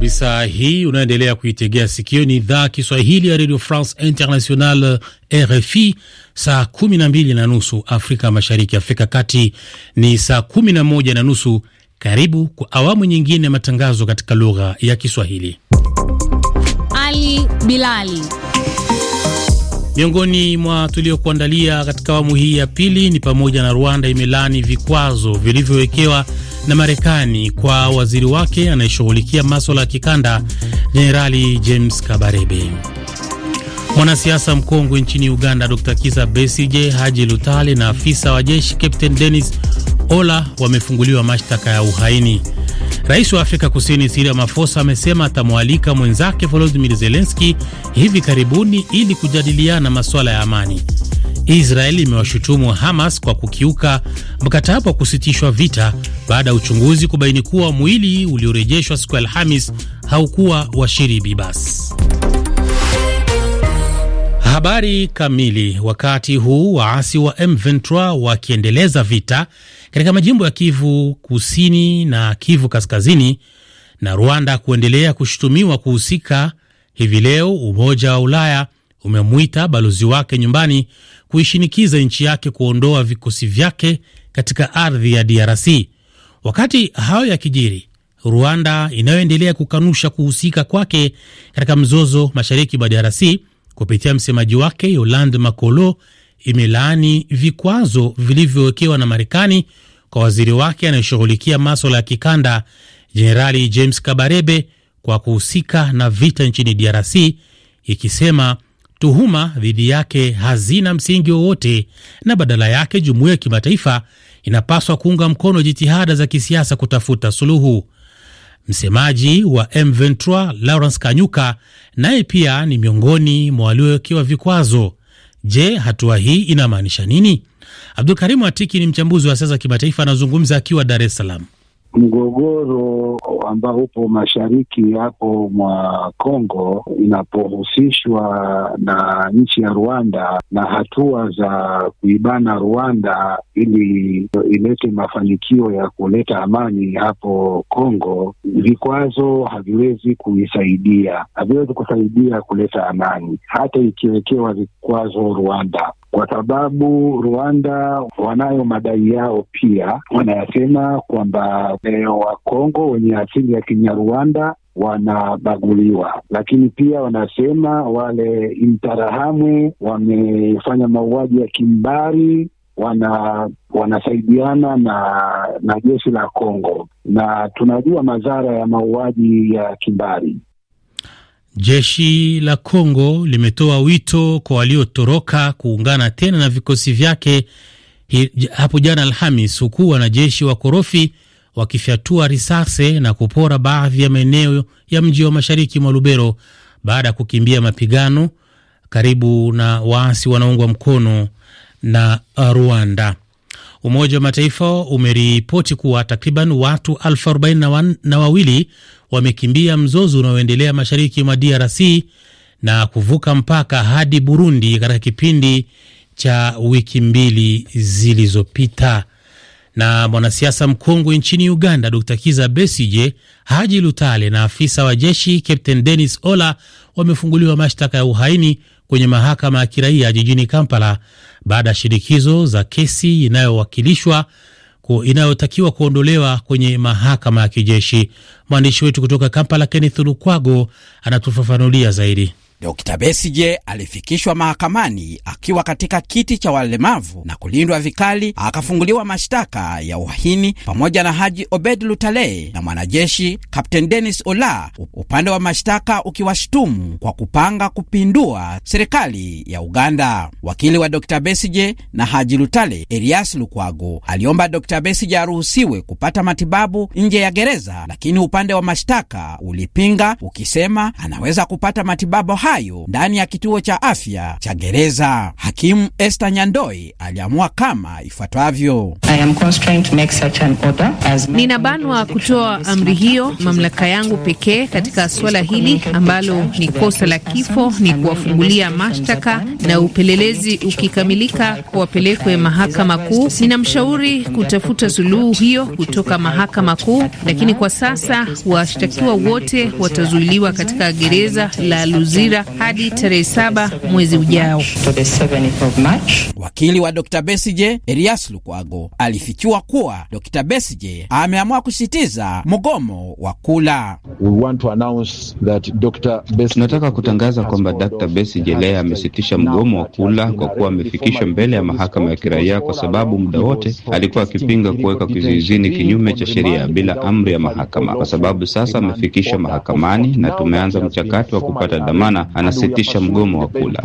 kabisa. Hii unaendelea kuitegea sikio ni idhaa Kiswahili ya Radio France International, RFI. Saa kumi na mbili na nusu Afrika Mashariki, Afrika Kati ni saa kumi na moja na nusu. Karibu kwa awamu nyingine ya matangazo katika lugha ya Kiswahili. Ali Bilali miongoni mwa tuliokuandalia katika awamu hii ya pili ni pamoja na Rwanda imelani vikwazo vilivyowekewa na Marekani kwa waziri wake anayeshughulikia maswala ya kikanda Jenerali James Kabarebe. Mwanasiasa mkongwe nchini Uganda Dr. kiza Besije, Haji Lutale na afisa wa jeshi Captain Dennis Ola wamefunguliwa mashtaka ya uhaini. Rais wa Afrika Kusini Cyril Ramaphosa amesema atamwalika mwenzake Volodymyr Zelensky hivi karibuni ili kujadiliana masuala ya amani. Israel imewashutumu Hamas kwa kukiuka mkataba wa kusitishwa vita baada ya uchunguzi kubaini kuwa mwili uliorejeshwa siku ya Alhamis haukuwa wa Shiri Bibas. Habari kamili. Wakati huu waasi wa M23 wakiendeleza vita katika majimbo ya Kivu Kusini na Kivu Kaskazini na Rwanda kuendelea kushutumiwa kuhusika, hivi leo Umoja wa Ulaya umemwita balozi wake nyumbani kuishinikiza nchi yake kuondoa vikosi vyake katika ardhi ya DRC. Wakati hayo yakijiri, Rwanda inayoendelea kukanusha kuhusika kwake katika mzozo mashariki mwa DRC kupitia msemaji wake Yolande Makolo imelaani vikwazo vilivyowekewa na Marekani kwa waziri wake anayeshughulikia maswala ya kikanda Jenerali James Kabarebe kwa kuhusika na vita nchini DRC ikisema tuhuma dhidi yake hazina msingi wowote na badala yake jumuiya ya kimataifa inapaswa kuunga mkono jitihada za kisiasa kutafuta suluhu. Msemaji wa M23 Lawrence Kanyuka naye pia ni miongoni mwa waliowekewa vikwazo. Je, hatua hii inamaanisha nini? Abdul Karimu Atiki ni mchambuzi wa siasa za kimataifa, anazungumza akiwa Dar es Salaam. Mgogoro ambao upo mashariki hapo mwa Kongo inapohusishwa na nchi ya Rwanda na hatua za kuibana Rwanda ili ilete mafanikio ya kuleta amani hapo Kongo, vikwazo haviwezi kuisaidia, haviwezi kusaidia kuleta amani, hata ikiwekewa vikwazo Rwanda kwa sababu Rwanda wanayo madai yao pia, wanayasema kwamba eh, wa Wakongo wenye asili ya Kinyarwanda wanabaguliwa, lakini pia wanasema wale Interahamwe wamefanya mauaji ya kimbari wana wanasaidiana na na jeshi la Kongo, na tunajua madhara ya mauaji ya kimbari. Jeshi la Kongo limetoa wito kwa waliotoroka kuungana tena na vikosi vyake hapo jana Alhamis, huku wanajeshi wa korofi wakifyatua risasi na kupora baadhi ya maeneo ya mji wa mashariki mwa Lubero baada ya kukimbia mapigano karibu na waasi wanaungwa mkono na uh, Rwanda. Umoja wa Mataifa umeripoti kuwa takriban watu elfu arobaini na wawili wamekimbia mzozo unaoendelea mashariki mwa DRC na kuvuka mpaka hadi Burundi katika kipindi cha wiki mbili zilizopita. Na mwanasiasa mkongwe nchini Uganda Dr. Kiza Besije, Haji Lutale na afisa wa jeshi Captain denis Ola wamefunguliwa mashtaka ya uhaini kwenye mahakama ya kiraia jijini Kampala baada ya shinikizo za kesi inayowakilishwa inayotakiwa kuondolewa kwenye mahakama ya kijeshi. Mwandishi wetu kutoka Kampala, Kenneth Lukwago, anatufafanulia zaidi. Dkt. Besigye alifikishwa mahakamani akiwa katika kiti cha walemavu na kulindwa vikali, akafunguliwa mashtaka ya uhaini pamoja na Haji Obed Lutale na mwanajeshi Kapten denis Ola, upande wa mashtaka ukiwashtumu kwa kupanga kupindua serikali ya Uganda. Wakili wa Dkt. Besigye na Haji Lutale, Elias Lukwago, aliomba Dkt. Besigye aruhusiwe kupata matibabu nje ya gereza, lakini upande wa mashtaka ulipinga ukisema anaweza kupata matibabu hayo ndani ya kituo cha afya cha gereza. Hakimu Esther Nyandoi aliamua kama ifuatavyo: ninabanwa kutoa amri hiyo. Mamlaka yangu pekee katika suala hili ambalo ni kosa la kifo ni kuwafungulia mashtaka, na upelelezi ukikamilika wapelekwe mahakama kuu. Ninamshauri kutafuta suluhu hiyo kutoka mahakama kuu, lakini kwa sasa washtakiwa wote watazuiliwa katika gereza la Luzira hadi tarehe saba mwezi ujao. Wakili wa Dr. Besije Elias Lukwago alifichua kuwa Dr. Besije ameamua kusitiza mgomo wa kula. Tunataka kutangaza kwamba Dr. Besije leo amesitisha mgomo wa kula kwa kuwa amefikishwa mbele ya mahakama ya kiraia kwa sababu muda wote alikuwa akipinga kuweka kizuizini kinyume cha sheria bila amri ya mahakama. Kwa sababu sasa amefikishwa mahakamani na tumeanza mchakato wa kupata dhamana anasitisha mgomo wa kula.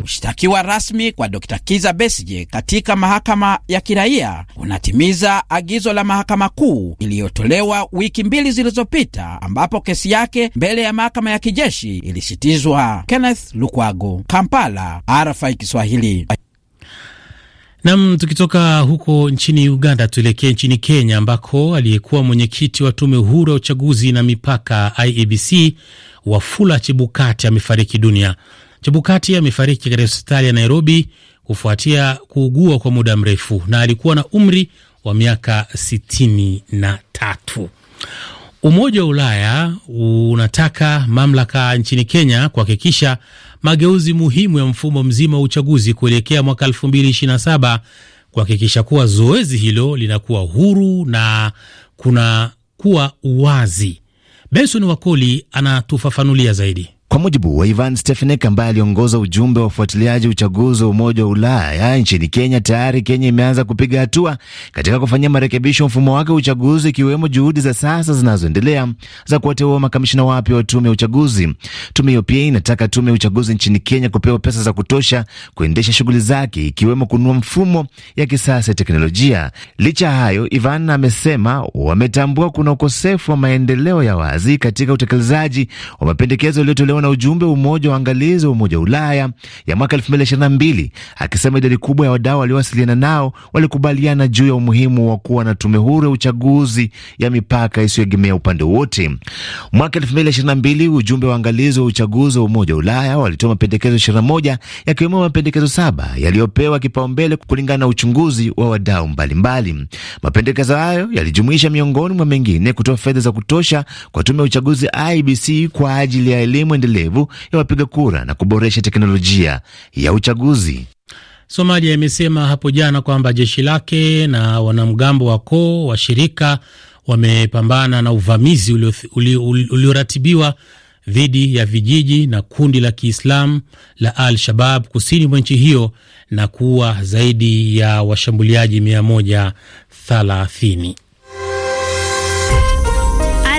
Kushtakiwa rasmi kwa Dr. Kiza Besije katika mahakama ya kiraia kunatimiza agizo la mahakama kuu iliyotolewa wiki mbili zilizopita, ambapo kesi yake mbele ya mahakama ya kijeshi ilisitizwa. Kenneth Lukwago, Kampala, RFI Kiswahili. Nam, tukitoka huko nchini Uganda tuelekee nchini Kenya ambako aliyekuwa mwenyekiti wa tume huru ya uchaguzi na mipaka IEBC Wafula Chibukati amefariki dunia. Chibukati amefariki katika hospitali ya Nairobi kufuatia kuugua kwa muda mrefu na alikuwa na umri wa miaka sitini na tatu. Umoja wa Ulaya unataka mamlaka nchini Kenya kuhakikisha mageuzi muhimu ya mfumo mzima wa uchaguzi kuelekea mwaka saba kuhakikisha kuwa zoezi hilo linakuwa huru na kuna kuwa uwazi Benson Wakoli anatufafanulia zaidi. Kwa mujibu wa Ivan Stefanik ambaye aliongoza ujumbe wa ufuatiliaji uchaguzi wa Umoja wa Ulaya nchini Kenya, tayari Kenya imeanza kupiga hatua katika kufanyia marekebisho mfumo wake wa uchaguzi, ikiwemo juhudi za sasa zinazoendelea za kuwateua makamishina wapya wa tume ya uchaguzi. Tume hiyo pia inataka tume ya uchaguzi nchini Kenya kupewa pesa za kutosha kuendesha shughuli zake, ikiwemo kununua mfumo ya kisasa ya teknolojia. Licha hayo, Ivan amesema wametambua kuna ukosefu wa maendeleo ya wazi katika utekelezaji wa mapendekezo yaliyotolewa na ujumbe wa umoja wa waangalizi wa Umoja wa Ulaya ya mwaka 2022 akisema idadi kubwa ya wadau waliowasiliana nao walikubaliana juu ya umuhimu wa kuwa na tume huru ya uchaguzi ya mipaka isiyoegemea upande wote. Mwaka 2022 ujumbe wa waangalizi wa uchaguzi wa Umoja wa Ulaya walitoa mapendekezo 21 yakiwemo mapendekezo saba yaliyopewa kipaumbele kulingana na uchunguzi wa wadau mbalimbali. Mapendekezo hayo yalijumuisha miongoni mwa mengine, kutoa fedha za kutosha kwa tume ya uchaguzi IBC kwa ajili ya elimu endelevu endelevu ya wapiga kura na kuboresha teknolojia ya uchaguzi. Somalia imesema hapo jana kwamba jeshi lake na wanamgambo wa wa shirika wamepambana na uvamizi ulioratibiwa ulio, ulio dhidi ya vijiji na kundi la Kiislamu la Al-Shabab kusini mwa nchi hiyo na kuua zaidi ya washambuliaji 130.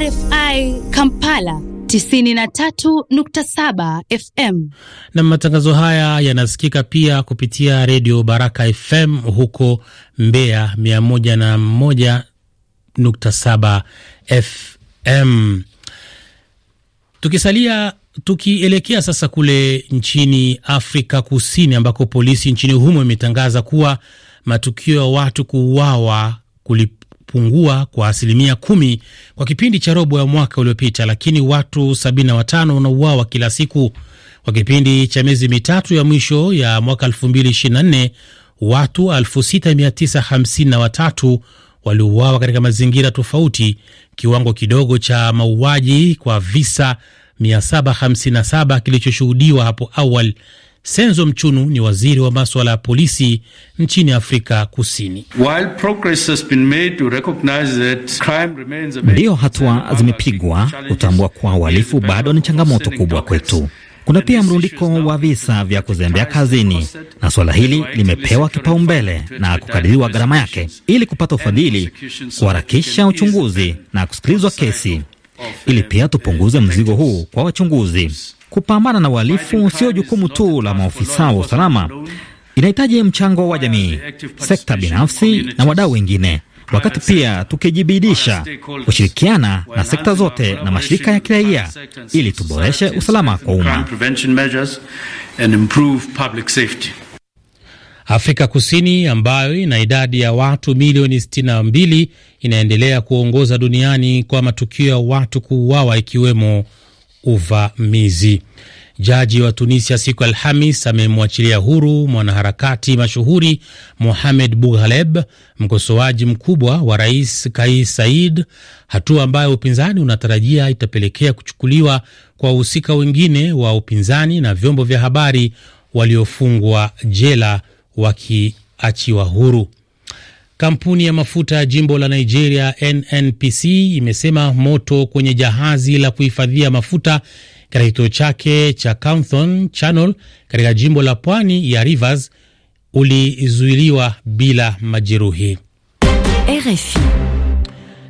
RFI Kampala 93.7 FM. Na matangazo haya yanasikika pia kupitia redio Baraka FM huko Mbeya 101.7 FM. Tukisalia tukielekea sasa kule nchini Afrika Kusini ambako polisi nchini humo imetangaza kuwa matukio ya watu kuuawa kupungua kwa asilimia kumi kwa kipindi cha robo ya mwaka uliopita, lakini watu 75 wanauawa kila siku. Kwa kipindi cha miezi mitatu ya mwisho ya mwaka 2024 watu 6953 waliuawa katika mazingira tofauti, kiwango kidogo cha mauaji kwa visa 757 kilichoshuhudiwa hapo awali Senzo Mchunu ni waziri wa maswala ya polisi nchini Afrika Kusini. Ndiyo, hatua zimepigwa kutambua kuwa uhalifu bado ni changamoto kubwa kwetu. Kuna pia mrundiko wa visa vya kuzembea kazini na suala hili limepewa kipaumbele na kukadiriwa gharama yake ili kupata ufadhili, kuharakisha uchunguzi na kusikilizwa kesi ili pia tupunguze mzigo huu kwa wachunguzi. Kupambana na uhalifu sio jukumu tu la maofisa wa usalama, inahitaji mchango wa jamii, sekta binafsi na wadau wengine, wakati pia tukijibidisha kushirikiana na sekta zote na mashirika ya kiraia ili tuboreshe usalama kwa umma. Afrika Kusini ambayo ina idadi ya watu milioni 62 inaendelea kuongoza duniani kwa matukio ya watu kuuawa ikiwemo uvamizi. Jaji wa Tunisia siku Alhamis amemwachilia huru mwanaharakati mashuhuri Mohamed Bughaleb, mkosoaji mkubwa wa rais Kais Saied, hatua ambayo upinzani unatarajia itapelekea kuchukuliwa kwa wahusika wengine wa upinzani na vyombo vya habari waliofungwa jela wakiachiwa huru. Kampuni ya mafuta ya jimbo la Nigeria NNPC imesema moto kwenye jahazi la kuhifadhia mafuta katika kituo chake cha Camthon Channel katika jimbo la pwani ya Rivers ulizuiliwa bila majeruhi. RFI.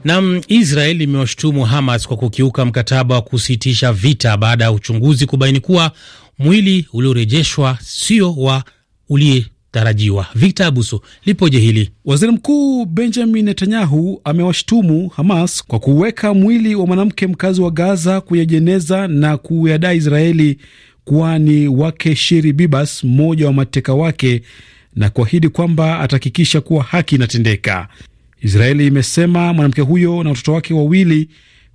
Nam, Israel imewashutumu Hamas kwa kukiuka mkataba wa kusitisha vita baada ya uchunguzi kubaini kuwa mwili uliorejeshwa sio wa ulie tarajiwa. Victor Abuso, lipoje hili? Waziri Mkuu Benjamin Netanyahu amewashtumu Hamas kwa kuweka mwili wa mwanamke mkazi wa Gaza kwenye jeneza na kuyadai Israeli kuwa ni wake Shiri Bibas, mmoja wa mateka wake, na kuahidi kwamba atahakikisha kuwa haki inatendeka. Israeli imesema mwanamke huyo na watoto wake wawili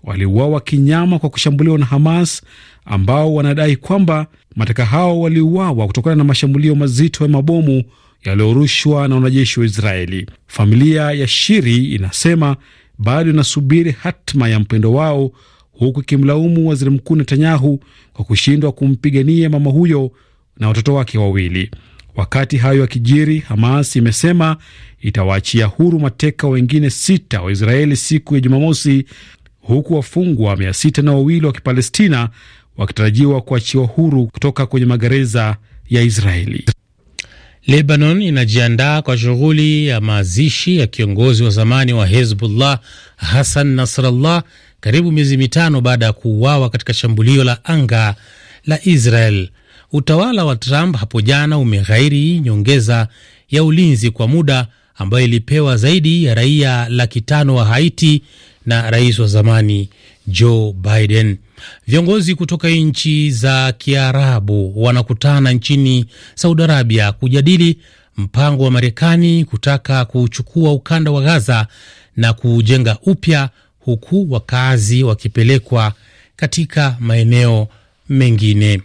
waliuawa kinyama kwa kushambuliwa na Hamas ambao wanadai kwamba Mateka hao waliuawa kutokana na mashambulio mazito ya mabomu yaliyorushwa na wanajeshi wa Israeli. Familia ya Shiri inasema bado inasubiri hatma ya mpendo wao, huku ikimlaumu waziri mkuu Netanyahu kwa kushindwa kumpigania mama huyo na watoto wake wawili. Wakati hayo yakijiri, Hamas imesema itawaachia huru mateka wengine sita wa Israeli siku ya Jumamosi, huku wafungwa mia sita na wawili wa Kipalestina wakitarajiwa kuachiwa huru kutoka kwenye magereza ya Israeli. Lebanon inajiandaa kwa shughuli ya mazishi ya kiongozi wa zamani wa Hezbollah Hassan Nasrallah karibu miezi mitano baada ya kuuawa katika shambulio la anga la Israel. Utawala wa Trump hapo jana umeghairi nyongeza ya ulinzi kwa muda ambayo ilipewa zaidi ya raia laki tano wa Haiti na rais wa zamani Joe Biden. Viongozi kutoka nchi za Kiarabu wanakutana nchini Saudi Arabia kujadili mpango wa Marekani kutaka kuchukua ukanda wa Gaza na kujenga upya, huku wakazi wakipelekwa katika maeneo mengine.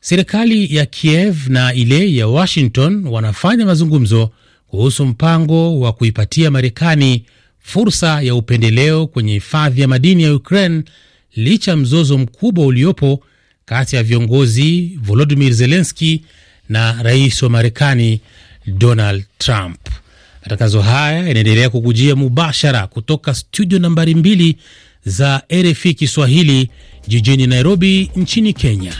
Serikali ya Kiev na ile ya Washington wanafanya mazungumzo kuhusu mpango wa kuipatia Marekani fursa ya upendeleo kwenye hifadhi ya madini ya Ukraine licha ya mzozo mkubwa uliopo kati ya viongozi Volodimir Zelenski na rais wa Marekani Donald Trump. Matangazo haya yanaendelea kukujia mubashara kutoka studio nambari mbili za RFI Kiswahili jijini Nairobi nchini Kenya.